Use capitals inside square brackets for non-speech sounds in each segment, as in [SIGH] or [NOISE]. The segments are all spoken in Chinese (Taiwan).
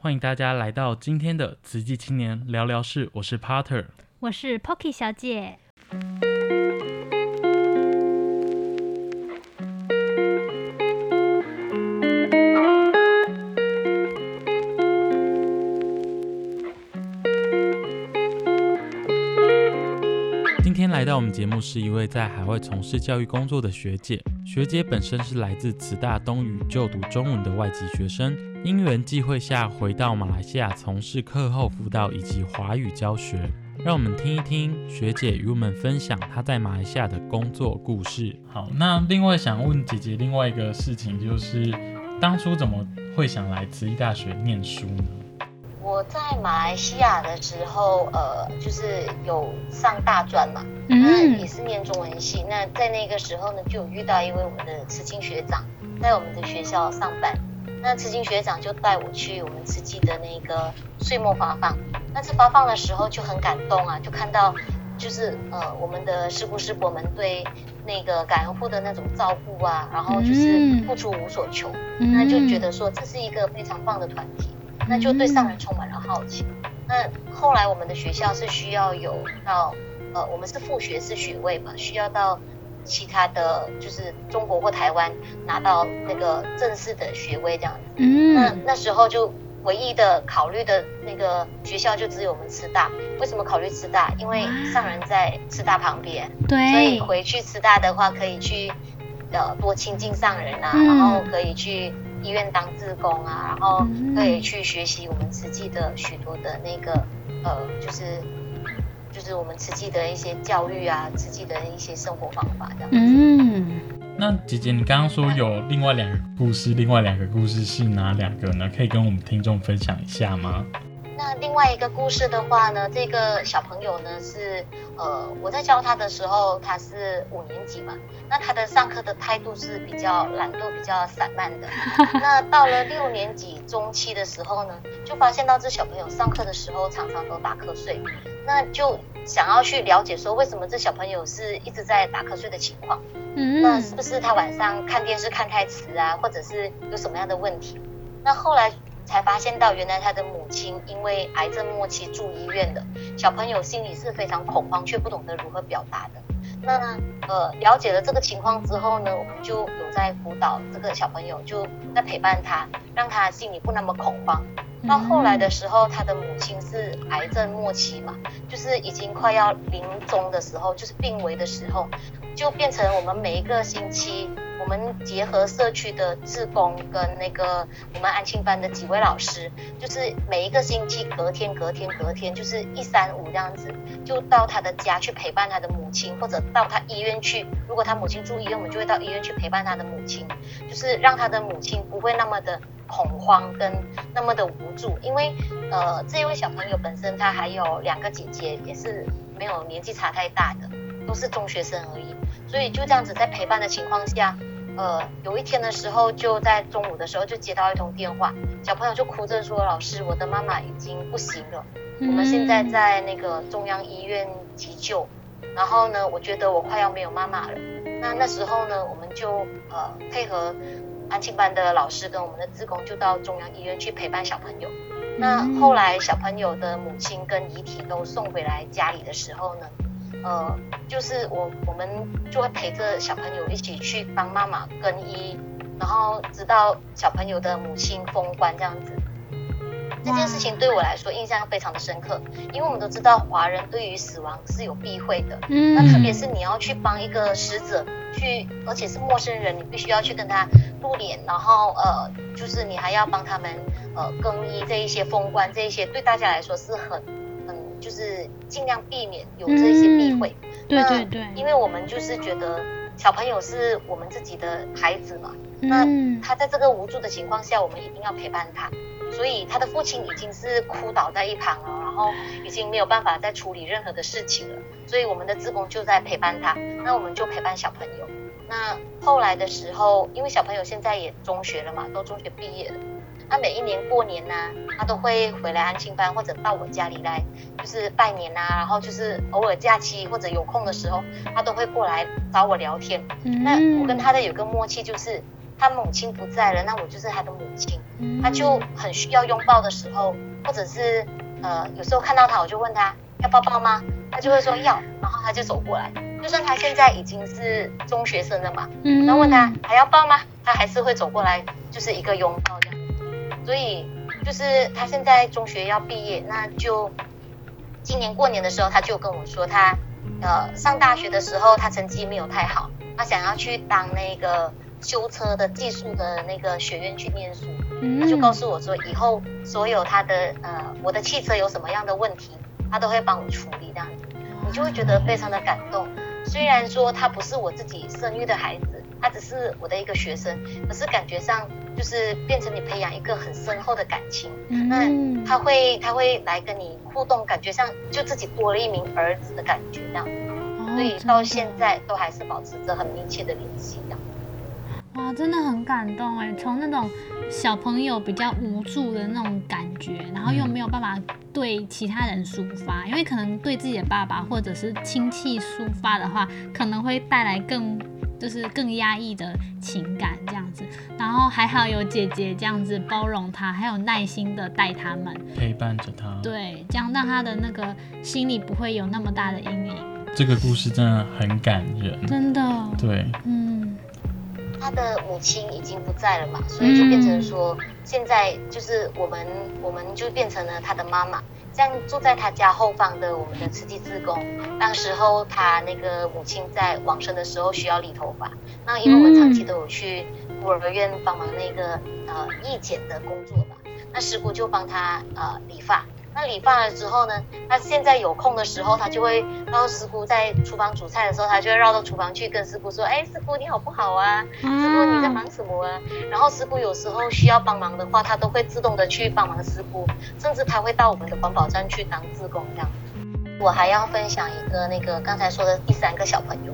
歡迎大家來到今天的《慈濟青年聊聊事》，我是 Potter，我是 Pokey 小姐。今天來到我們節目是一位在海外從事教育工作的學姐，學姐本身是來自慈大東語就讀中文的外籍學生。因緣際會下，回到馬來西亞從事課後輔導以及華語教學。讓我們聽一聽學姐與我們分享她在馬來西亞的工作故事。好，那另外想問姐姐另外一個事情，就是當初怎麼會想來慈濟大學念書呢？我在馬來西亞的時候，呃，就是有上大專嘛，嗯，也是念中文系。那在那個時候呢，就有遇到一位我們的慈青學長，在我們的學校上班。那慈青學長就帶我去我們慈濟的那個歲末發放，那次發放的時候就很感動啊，就看到就是呃我們的師姑師伯們對那個感恩戶的那種照顧啊，然後就是付出無所求，嗯，那就覺得說這是一個非常棒的團體，嗯、那就對上人充滿了好奇。嗯。那後來我們的學校是需要有到呃我們是副學士學位嘛，需要到。其他的就是中國或台灣拿到那個正式的學位這樣子，嗯，那那時候就唯一的考慮的那個學校就只有我們慈大。為什麼考慮慈大？因為上人在慈大旁邊，對，所以回去慈大的話可以去，呃，多親近上人啊，嗯，然後可以去醫院當志工啊，然後可以去學習我們慈濟的許多的那個，呃，就是。就是我們自己的一些教育啊，自己的一些生活方法這樣子。嗯，那姐姐，你剛剛說有另外兩個故事，啊，另外兩個故事是哪兩個呢？可以跟我們聽眾分享一下嗎？那另外一個故事的話呢，這個小朋友呢是呃，我在教他的時候，他是五年級嘛，那他的上課的態度是比較懶惰，比較散漫的。 [LAUGHS] 那到了六年級中期的時候呢，就發現到這小朋友上課的時候常常都打瞌睡。那就想要去了解說，為什麼這小朋友是一直在打瞌睡的情況？嗯，那是不是他晚上看電視看太遲啊，或者是有什麼樣的問題？那後來才發現到，原來他的母親因為癌症末期住醫院的，小朋友心裡是非常恐慌，卻不懂得如何表達的。那呃，了解了這個情況之後呢，我們就有在輔導這個小朋友，就在陪伴他，讓他心裡不那麼恐慌。到後來的時候，他的母親是癌症末期嘛，就是已經快要臨終的時候，就是病危的時候，就變成我們每一個星期，我們結合社區的志工跟那個我們安親班的幾位老師，就是每一個星期隔天隔天隔天，就是一三五這樣子，就到他的家去陪伴他的母親，或者到他醫院去，如果他母親住醫院，我們就會到醫院去陪伴他的母親，就是讓他的母親不會那麼的恐慌跟那麼的無助，因為呃這一位小朋友本身他還有兩個姐姐，也是沒有年紀差太大的，都是中學生而已，所以就這樣子在陪伴的情況下，呃有一天的時候就在中午的時候就接到一通電話，小朋友就哭着說，老師我的媽媽已經不行了，我們現在在那個中央醫院急救，然後呢，我覺得我快要沒有媽媽了，那那時候呢，我們就呃配合。安慶班的老師跟我們的志工就到中央醫院去陪伴小朋友。那後來小朋友的母親跟遺體都送回來家裡的時候呢，呃，就是我我們就會陪着小朋友一起去幫媽媽更衣，然後直到小朋友的母親封棺這樣子。這件事情對我來說印象非常的深刻，因為我們都知道華人對於死亡是有避諱的，那特別是你要去幫一個死者去，而且是陌生人，你必須要去跟他露臉，然後呃，就是你還要幫他們呃更衣這一些封棺這一些，對大家來說是很嗯就是盡量避免有這一些避諱。對對對，因為我們就是覺得小朋友是我們自己的孩子嘛，那他在這個無助的情況下，我們一定要陪伴他。所以他的父親已經是哭倒在一旁了，然後已經沒有辦法再處理任何的事情了。所以我們的志工就在陪伴他，那我們就陪伴小朋友。那後來的時候，因為小朋友現在也中學了嘛，都中學畢業了。那每一年過年呢、啊，他都會回來安親班或者到我家裡來，就是拜年啊，然後就是偶爾假期或者有空的時候，他都會過來找我聊天。那我跟他的有個默契就是。他母親不在了，那我就是他的母親。他就很需要擁抱的時候，或者是呃，有時候看到他，我就問他要抱抱嗎？他就會說要，然後他就走過來。就算他現在已經是中學生了嘛，然後問他還要抱嗎？他還是會走過來，就是一個擁抱這樣。所以就是他現在中學要畢業，那就今年過年的時候，他就跟我說，他呃，上大學的時候，他成績沒有太好，他想要去當那個。修車的技術的那個學院去念書，嗯、他就告訴我說，以後所有他的呃，我的汽車有什麼樣的問題，他都會幫我處理這樣子。嗯，你就會覺得非常的感動。雖然說他不是我自己生育的孩子，他只是我的一個學生，可是感覺上就是變成你培養一個很深厚的感情，嗯、那他會他會來跟你互動，感覺上就自己多了一名兒子的感覺那樣。哦，所以到現在都還是保持着很密切的聯繫的。哇，真的很感動哎！從那種小朋友比較無助的那種感覺，然後又沒有辦法對其他人抒發，嗯、因為可能對自己的爸爸或者是親戚抒發的話，可能會帶來更就是更壓抑的情感這樣子。然後還好有姐姐這樣子包容他，還有耐心的帶他們陪伴着他，對，這樣讓他的那個心裡不會有那麼大的陰影。這個故事真的很感人，真的，對，嗯。他的母親已經不在了嘛，所以就變成說，現在就是我們，我們就變成了他的媽媽。這樣住在他家後方的我們的慈濟志工，當時候他那個母親在往生的時候需要理頭髮，那因為我們長期都有去孤兒院幫忙那個呃義剪的工作嘛，那師姑就幫他呃理髮。那理髮了之後呢？他現在有空的時候，他就會到師姑在廚房煮菜的時候，他就會繞到廚房去跟師姑說，哎，師姑你好不好啊？師姑你在忙什麼啊？嗯、然後師姑有時候需要幫忙的話，他都會自動的去幫忙師姑，甚至他會到我們的環保站去當志工。這樣。我還要分享一個那個剛才說的第三個小朋友，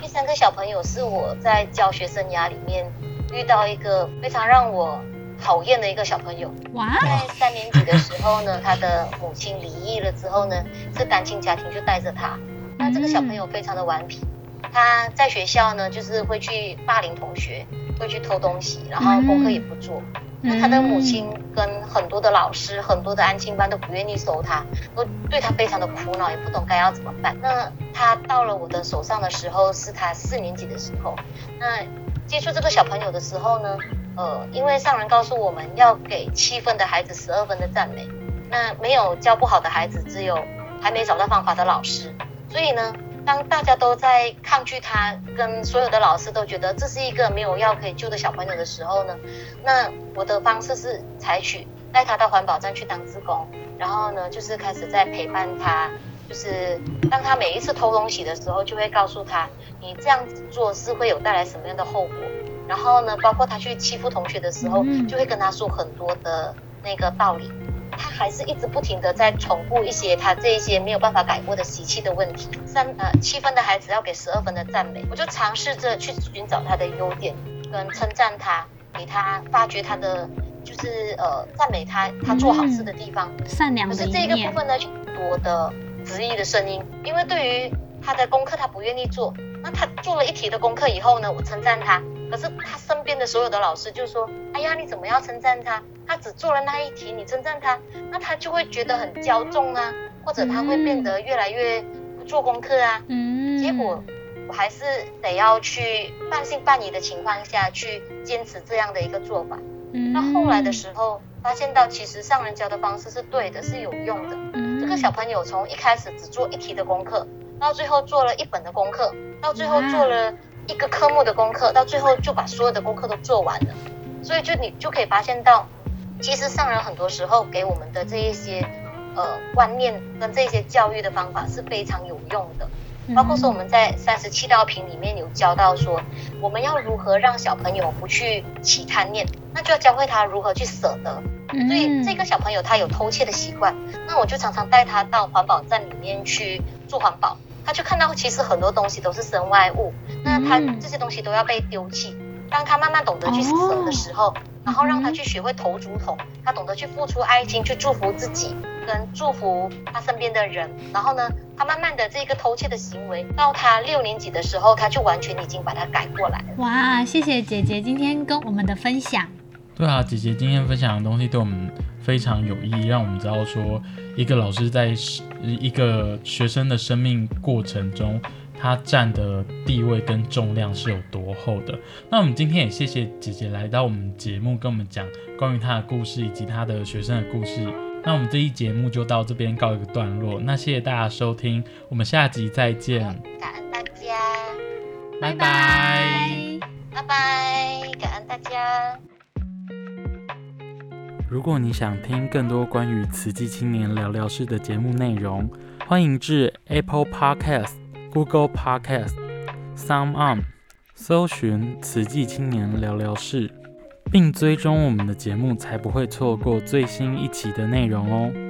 第三個小朋友是我在教學生涯裡面遇到一個非常讓我，討厭的一個小朋友，wow? 在三年級的時候呢，他的母親離異了之後呢，是單親家庭就帶着他。那這個小朋友非常的頑皮，mm -hmm. 他在學校呢就是會去霸凌同學，會去偷東西，然後功課也不做。Mm -hmm. 那他的母親跟很多的老師、很多的安親班都不願意收他，都對他非常的苦惱，也不懂該要怎麼辦。那他到了我的手上的時候是他四年級的時候，那接觸這個小朋友的時候呢？呃，因為上人告訴我們要給七分的孩子十二分的讚美，那沒有教不好的孩子，只有還沒找到方法的老師。所以呢，當大家都在抗拒他，跟所有的老師都覺得這是一個沒有藥可以救的小朋友的時候呢，那我的方式是採取帶他到環保站去當志工，然後呢就是開始在陪伴他，就是當他每一次偷東西的時候，就會告訴他，你這樣子做是會有帶來什麼樣的後果。然後呢，包括他去欺負同學的時候，嗯、就會跟他說很多的那個道理。他還是一直不停的在重複一些他這些沒有辦法改過的習氣的問題。三呃，七分的孩子要給十二分的讚美。我就嘗試着去尋找他的優點，跟稱讚他，給他發掘他的，就是呃讚美他他做好事的地方，善良的，可是這個部分呢，我的質疑的聲音，因為對於他的功課他不願意做，那他做了一題的功課以後呢，我稱讚他。可是他身邊的所有的老師就說：“哎呀，你怎麼要稱讚他？他只做了那一題，你稱讚他，那他就會覺得很驕縱啊，或者他會變得越來越不做功課啊。”嗯，結果我還是得要去半信半疑的情況下去堅持這樣的一個做法。嗯，那後來的時候發現到其實上人教的方式是對的，是有用的。嗯，這個小朋友從一開始只做一題的功課，到最後做了一本的功課，到最後做了、嗯。一個科目的功課，到最後就把所有的功課都做完了，所以就你就可以發現到，其實上人很多時候給我們的這一些呃觀念跟這些教育的方法是非常有用的，包括說我們在三十七道品裡面有教到說，我們要如何讓小朋友不去起貪念，那就要教會他如何去捨得。所以這個小朋友他有偷竊的習慣，那我就常常帶他到環保站裡面去做環保，他就看到其實很多東西都是身外物。那他這些東西都要被丟棄，當、嗯、他慢慢懂得去死的時候、哦，然後讓他去學會投竹筒，嗯、他懂得去付出愛心，去祝福自己，嗯、跟祝福他身邊的人。然後呢，他慢慢的這個偷竊的行為，到他六年級的時候，他就完全已經把它改過來。哇，謝謝姐姐今天跟我們的分享。對啊，姐姐今天分享的東西對我們非常有意義，讓我們知道說，一個老師在一個學生的生命過程中。他佔的地位跟重量是有多厚的？那我們今天也謝謝姐姐來到我們節目，跟我們講關於她的故事，以及她的學生的故事。那我們這期節目就到這邊告一個段落。那謝謝大家收聽，我們下集再見。感恩大家，拜拜，拜拜，感恩大家。如果你想聽更多關於《慈濟青年聊聊室》的節目內容，歡迎至 Apple Podcast。Google Podcast，SoundOn，搜尋“慈濟青年聊聊事”，並追蹤我們的節目，才不會錯過最新一期的內容哦。